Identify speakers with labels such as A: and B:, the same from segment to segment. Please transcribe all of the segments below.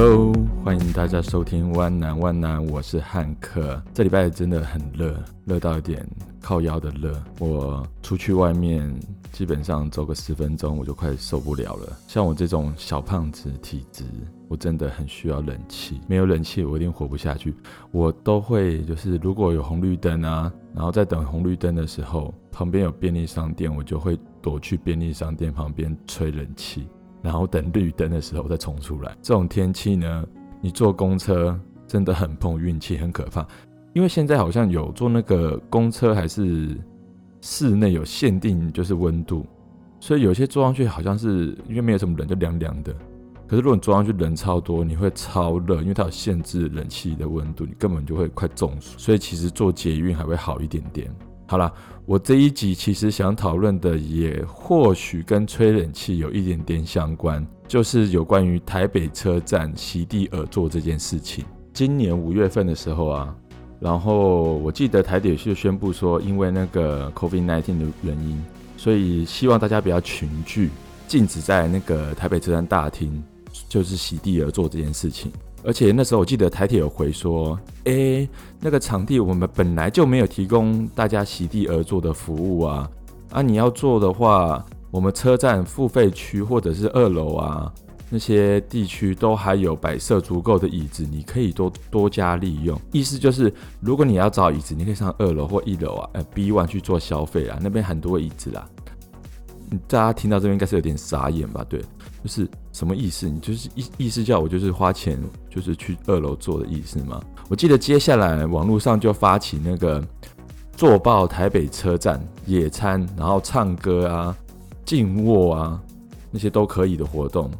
A: Hello，歡迎大家收聽彎男彎男，我是漢克。這禮拜真的很熱，熱到一點靠腰的熱。我出去外面基本上走個十分鐘，我就快受不了了。像我這種小胖子體質，我真的很需要冷氣。沒有冷氣，我一定活不下去。我都會就是如果有紅綠燈啊，然後在等紅綠燈的時候，旁邊有便利商店，我就會躲去便利商店旁邊吹冷氣。然後等綠燈的時候再衝出來。這種天氣呢，你坐公車真的很碰運氣，很可怕。因為現在好像有坐那個公車還是室內有限定，就是溫度，所以有些坐上去好像是因為沒有什麼人就涼涼的。可是，如果你坐上去人超多，你會超熱，因為它有限制冷氣的溫度，你根本就會快中暑。所以其實坐捷運還會好一點點。好啦，我這一集其實想討論的也或許跟吹冷氣有一點點相關，就是有關於台北車站席地而坐這件事情。今年五月份的時候啊，然後我記得台鐵是宣布說，因為那個 COVID-19 的原因，所以希望大家不要群聚，禁止在那個台北車站大廳就是席地而坐這件事情。而且那時候我記得台鐵有回說，誒，那個場地我們本來就沒有提供大家席地而坐的服務啊，啊，你要坐的話，我們車站付費區或者是二樓啊那些地區都還有擺設足夠的椅子，你可以多多加利用。意思就是，如果你要找椅子，你可以上二樓或一樓啊，呃，B one 去做消費啊，那邊很多椅子啦。大家聽到這邊應該是有點傻眼吧？對。就是什麼意思？你就是意意思叫我就是花錢，就是去二樓坐的意思嗎？我記得接下來網絡上就發起那個坐爆台北車站野餐、然後唱歌啊、靜臥啊那些都可以的活動。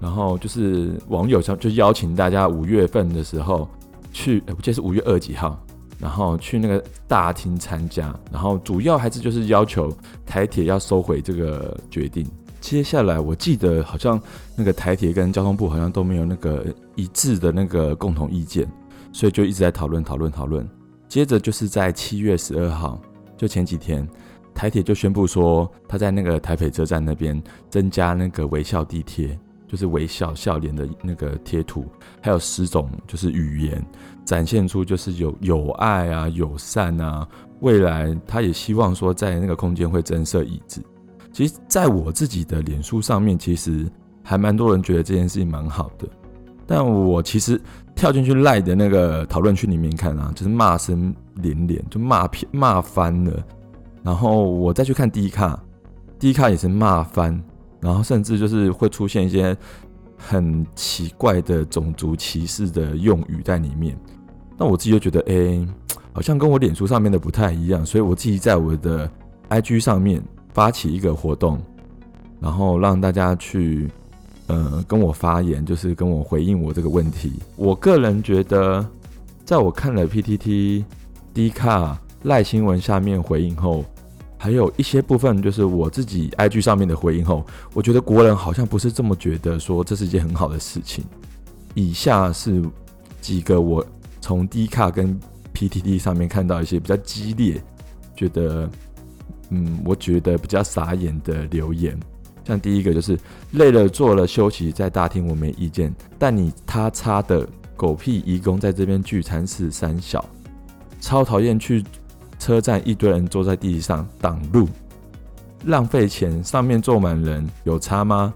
A: 然後就是網友上就邀請大家五月份的時候去，欸，我記得是五月二幾號，然後去那個大廳參加。然後主要還是就是要求台鐵要收回這個決定。接下來，我記得好像那個台鐵跟交通部好像都沒有那個一致的那個共同意見，所以就一直在討論討論討論。接着就是在七月十二號，就前幾天，台鐵就宣布說他在那個台北車站那邊增加那個微笑地鐵，就是微笑笑臉的那個貼圖，還有十種就是語言，展現出就是有友愛啊、友善啊。未來他也希望說在那個空間會增設椅子。其實在我自己的臉書上面，其實還蠻多人覺得這件事情蠻好的。但我其實跳進去賴的那個討論區裡面看啊，就是罵聲連連，就罵偏罵翻了。然後我再去看 Dcard，Dcard 也是罵翻，然後甚至就是會出現一些很奇怪的種族歧視的用語在裡面。那我自己就覺得，哎，好像跟我臉書上面的不太一樣。所以我自己在我的 IG 上面。發起一個活動，然後讓大家去，嗯、呃，跟我發言，就是跟我回應我這個問題。我個人覺得，在我看了 PTT、Dcard 賴新聞下面回應後，還有一些部分就是我自己 IG 上面的回應後，我覺得國人好像不是這麼覺得，說這是一件很好的事情。以下是幾個我從 Dcard 跟 PTT 上面看到一些比較激烈，覺得。嗯，我覺得比較傻眼的留言，像第一個就是「累了，坐了休息在大廳，我沒意見。但你他叉的狗屁移工在這邊聚餐是三小？超討厭去車站一堆人坐在地上擋路，浪費錢，上面坐滿人有差嗎？」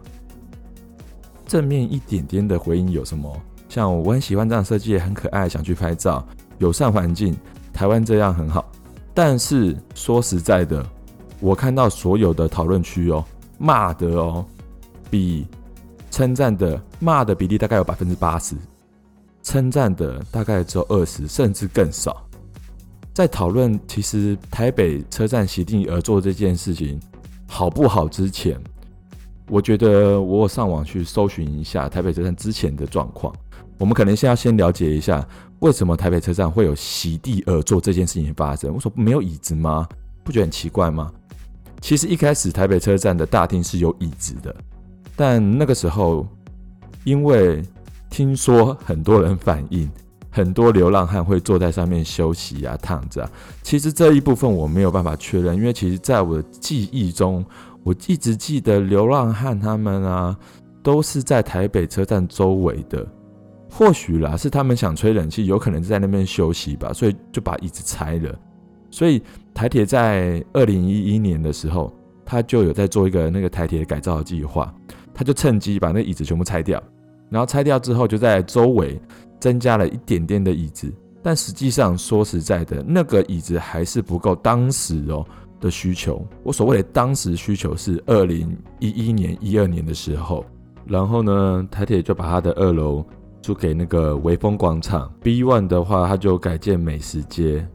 A: 正面一點點的回應有什麼？像我很喜歡這樣設計，很可愛，想去拍照，友善環境，台灣這樣很好。但是說實在的。我看到所有的討論區哦，罵的哦，比稱讚的罵的比例大概有百分之八十，稱讚的大概只有二十，甚至更少。在討論其實台北車站席地而坐這件事情好不好之前，我覺得我上網去搜尋一下台北車站之前的狀況。我們可能先要先了解一下，為什麼台北車站會有席地而坐這件事情發生？我說沒有椅子嗎？不覺得很奇怪嗎？其實一開始台北車站的大廳是有椅子的，但那個時候，因為聽說很多人反映，很多流浪漢會坐在上面休息啊、躺着啊。其實這一部分我沒有辦法確認，因為其實，在我的記憶中，我一直記得流浪漢他們啊，都是在台北車站周圍的。或許啦，是他們想吹冷氣，有可能是在那邊休息吧，所以就把椅子拆了。所以台鐵在二零一一年的時候，他就有在做一個那個台鐵改造的計劃，他就趁機把那椅子全部拆掉，然後拆掉之後，就在周圍增加了一點點的椅子。但實際上說實在的，那個椅子還是不夠當時哦的需求。我所謂的當時需求是二零一一年、一二年的時候，然後呢，台鐵就把他的二樓租給那個微風廣場 B One 的話，他就改建美食街。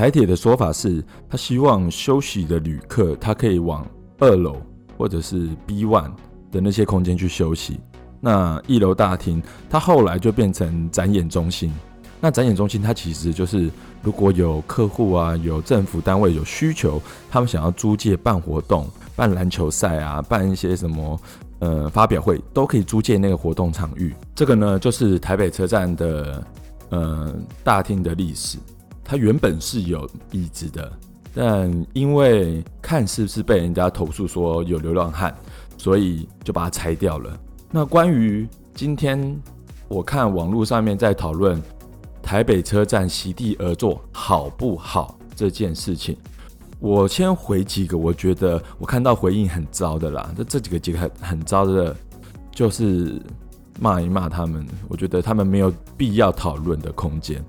A: 台鐵的說法是，他希望休息的旅客，他可以往二樓或者是 B1 的那些空間去休息。那一樓大廳，他後來就變成展演中心。那展演中心，它其實就是如果有客戶啊、有政府單位有需求，他們想要租借辦活動、辦籃球賽啊、辦一些什麼呃發表會，都可以租借那個活動場域。這個呢，就是台北車站的呃大廳的歷史。它原本是有椅子的，但因為看是不是被人家投訴說有流浪漢，所以就把它拆掉了。那關於今天我看網絡上面在討論台北車站席地而坐好不好這件事情，我先回幾個我覺得我看到回應很糟的啦，這這幾個幾個很，很糟的，就是罵一罵他們，我覺得他們沒有必要討論的空間，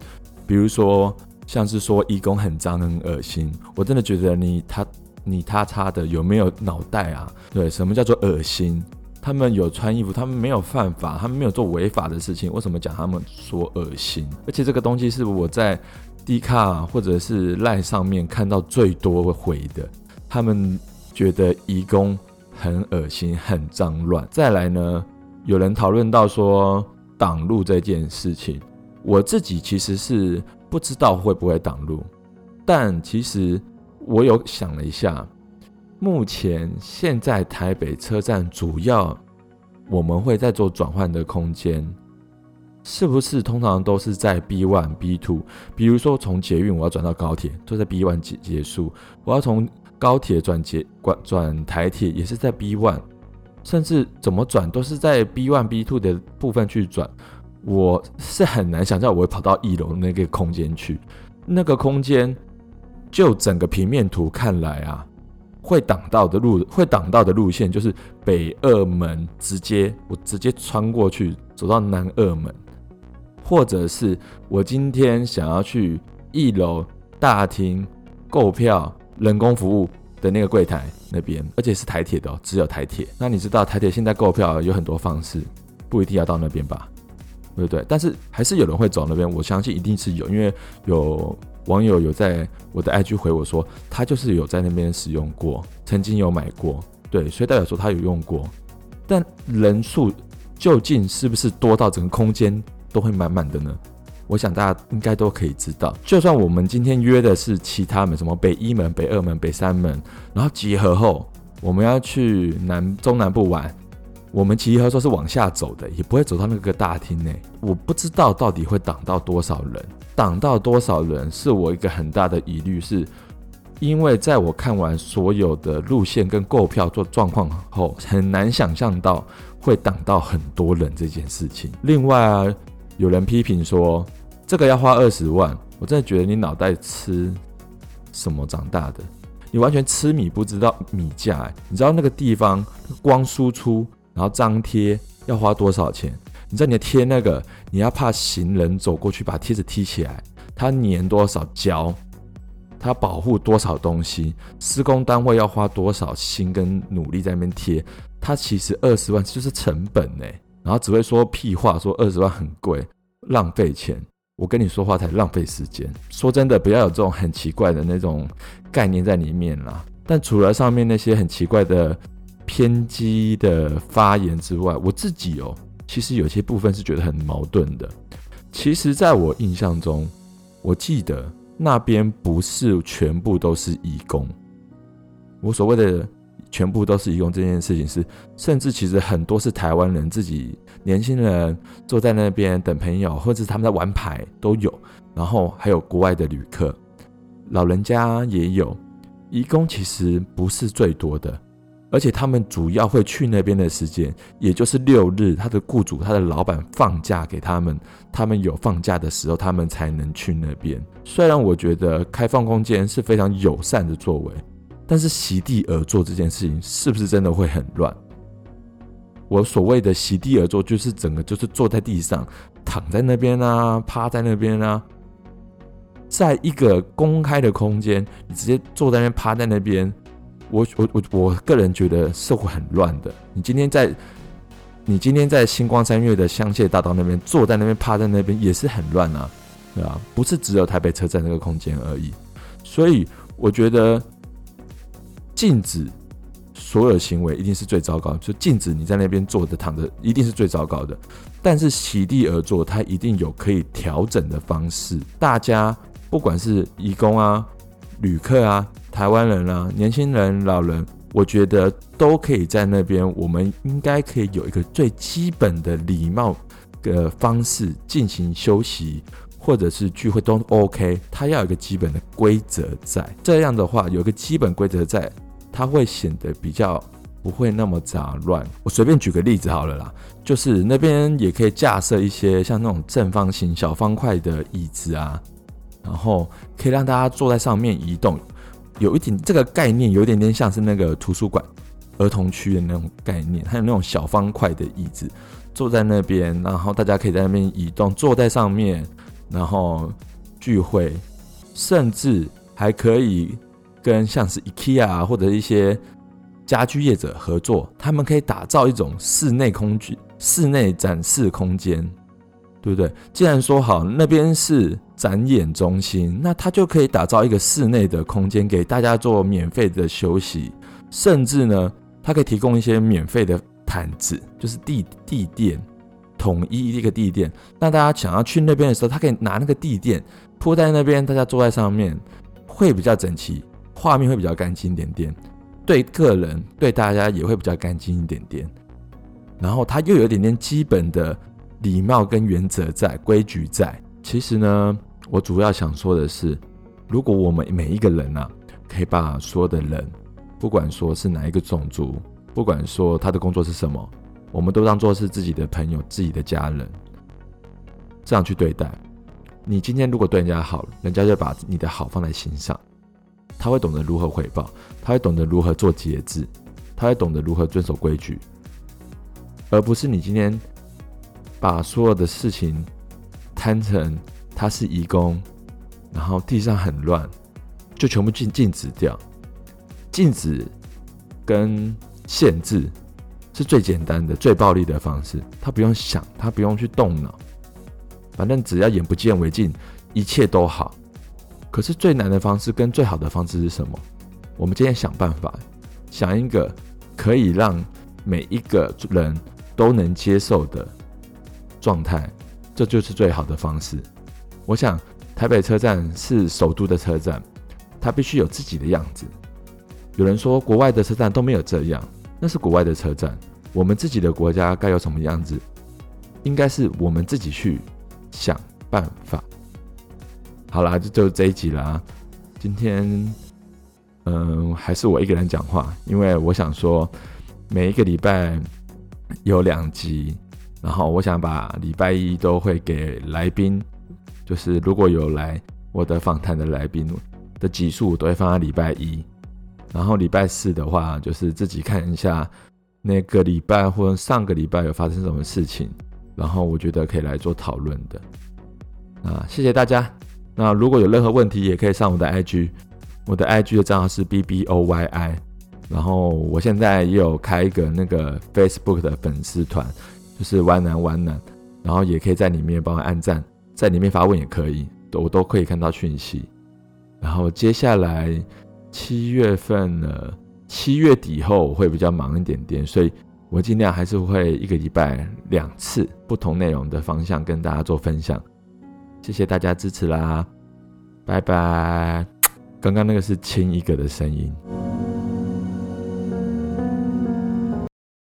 A: 比如說。像是說移工很髒很噁心，我真的覺得你他你他他的有沒有腦袋啊？對，什麼叫做噁心？他們有穿衣服，他們沒有犯法，他們沒有做違法的事情，為什麼講他們說噁心？而且這個東西是我在 Dcard 或者是 Line 上面看到最多回的，他們覺得移工很噁心很髒亂。再來呢，有人討論到說擋路這件事情，我自己其實是。不知道會不會擋路，但其實我有想了一下，目前現在台北車站主要我們會在做轉換的空間，是不是通常都是在 B 1 B 2？比如說從捷運我要轉到高鐵，都在 B 1結束；我要從高鐵轉捷轉台鐵，也是在 B 1，甚至怎麼轉都是在 B 1 B 2的部分去轉。我是很難想象我會跑到一樓那個空間去，那個空間就整個平面圖看來啊，會擋到的路會擋到的路線就是北二門，直接我直接穿過去走到南二門，或者是我今天想要去一樓大廳購票人工服務的那個櫃台那邊，而且是台鐵的哦，只有台鐵。那你知道台鐵現在購票有很多方式，不一定要到那邊吧？對不對，但是還是有人會走那邊，我相信一定是有，因為有網友有在我的 IG 回我說，他就是有在那邊使用過，曾經有買過，對，所以代表說他有用過。但人數究竟是不是多到整個空間都會滿滿的呢？我想大家應該都可以知道，就算我們今天約的是其他門，什麼北一門、北二門、北三門，然後集合後，我們要去南中南部玩。我們其實說是往下走的，也不會走到那個個大廳內。我不知道到底會擋到多少人，擋到多少人是我一個很大的疑慮，是，因為在我看完所有的路線跟購票做狀況後，很難想象到會擋到很多人這件事情。另外啊，有人批評說這個要花二十萬，我真的覺得你腦袋吃什麼長大的？你完全吃米不知道米價，你知道那個地方光輸出。然後張貼要花多少錢？你知道你的貼那個，你要怕行人走過去把貼紙踢起來，它粘多少膠，它保護多少東西，施工單位要花多少心跟努力在那邊貼，它其實二十萬就是成本呢、欸。然後只會說屁話，說二十萬很貴，浪費錢。我跟你說話才浪費時間。說真的，不要有這種很奇怪的那種概念在裡面啦。但除了上面那些很奇怪的。偏激的發言之外，我自己哦，其實有些部分是覺得很矛盾的。其實，在我印象中，我記得那邊不是全部都是移工。我所謂的全部都是移工這件事情是，是甚至其實很多是台灣人自己年輕人坐在那邊等朋友，或者是他們在玩牌都有。然後還有國外的旅客，老人家也有。移工其實不是最多的。而且他們主要會去那邊的時間，也就是六日，他的雇主、他的老闆放假給他們，他們有放假的時候，他們才能去那邊。雖然我覺得開放空間是非常友善的作為，但是席地而坐這件事情，是不是真的會很亂？我所謂的席地而坐，就是整個就是坐在地上，躺在那邊啊，趴在那邊啊，在一個公開的空間，你直接坐在那邊，趴在那邊。我我我我個人覺得是會很亂的。你今天在，你今天在新光三越的香榭大道那邊，坐在那邊，趴在那邊，也是很亂啊，啊，不是只有台北車站那個空間而已。所以我覺得禁止所有行為一定是最糟糕，就禁止你在那邊坐着、躺着一定是最糟糕的。但是席地而坐，它一定有可以調整的方式。大家不管是移工啊、旅客啊。臺灣人啦、啊，年輕人、老人，我覺得都可以在那邊。我們應該可以有一個最基本的禮貌的方式進行休息，或者是聚會都 OK。它要有一個基本的規則在，這樣的話有一個基本規則在，它會顯得比較不會那麼雜亂。我隨便舉個例子好了啦，就是那邊也可以架設一些像那種正方形小方塊的椅子啊，然後可以讓大家坐在上面移動。有一點，這個概念有一點點像是那個圖書館兒童區的那種概念，還有那種小方塊的椅子，坐在那邊，然後大家可以在那邊移動，坐在上面，然後聚會，甚至還可以跟像是 IKEA 啊或者一些家居業者合作，他們可以打造一種室內空，室內展示空間，對不對？既然說好，那邊是，展演中心，那它就可以打造一個室內的空間，給大家做免費的休息，甚至呢，它可以提供一些免費的毯子，就是地地墊，統一一個地墊。那大家想要去那邊的時候，它可以拿那個地墊鋪在那邊，大家坐在上面會比較整齊，畫面會比較乾淨一點點。對客人，對大家也會比較乾淨一點點。然後它又有點點基本的禮貌跟原則在，規矩在。其實呢。我主要想說的是，如果我們每一個人啊，可以把所有的人，不管說是哪一個種族，不管說他的工作是什麼，我們都當做是自己的朋友、自己的家人，這樣去對待。你今天如果對人家好，人家就把你的好放在心上，他會懂得如何回報，他會懂得如何做節制，他會懂得如何遵守規矩，而不是你今天把所有的事情攤成。他是移工，然後地上很亂，就全部禁禁止掉，禁止跟限制是最簡單的、最暴力的方式。他不用想，他不用去動腦，反正只要眼不見為淨，一切都好。可是最難的方式跟最好的方式是什麼？我們今天想辦法，想一個可以讓每一個人都能接受的狀態，這就是最好的方式。我想，台北車站是首都的車站，它必須有自己的樣子。有人說國外的車站都沒有這樣，那是國外的車站。我們自己的國家該有什麼樣子？應該是我們自己去想辦法。好了，這就，就這一集啦。今天，嗯、呃，還是我一個人講話，因為我想說，每一個禮拜有兩集，然後我想把禮拜一都會給來賓。就是如果有來我的訪談的來賓的集數，都會放在禮拜一。然後禮拜四的話，就是自己看一下那個禮拜或上個禮拜有發生什麼事情，然後我覺得可以來做討論的。那謝謝大家。那如果有任何問題，也可以上我的 IG，我的 IG 的賬號是 bboyi。然後我現在也有開一個那個 Facebook 的粉絲團，就是灣南灣南，然後也可以在裡面幫我按讚。在裡面發問也可以，我都可以看到訊息。然後接下來七月份呢，七月底後我會比較忙一點點，所以我盡量還是會一個禮拜兩次不同內容的方向跟大家做分享。謝謝大家支持啦，拜拜。剛剛那個是親一個的聲音。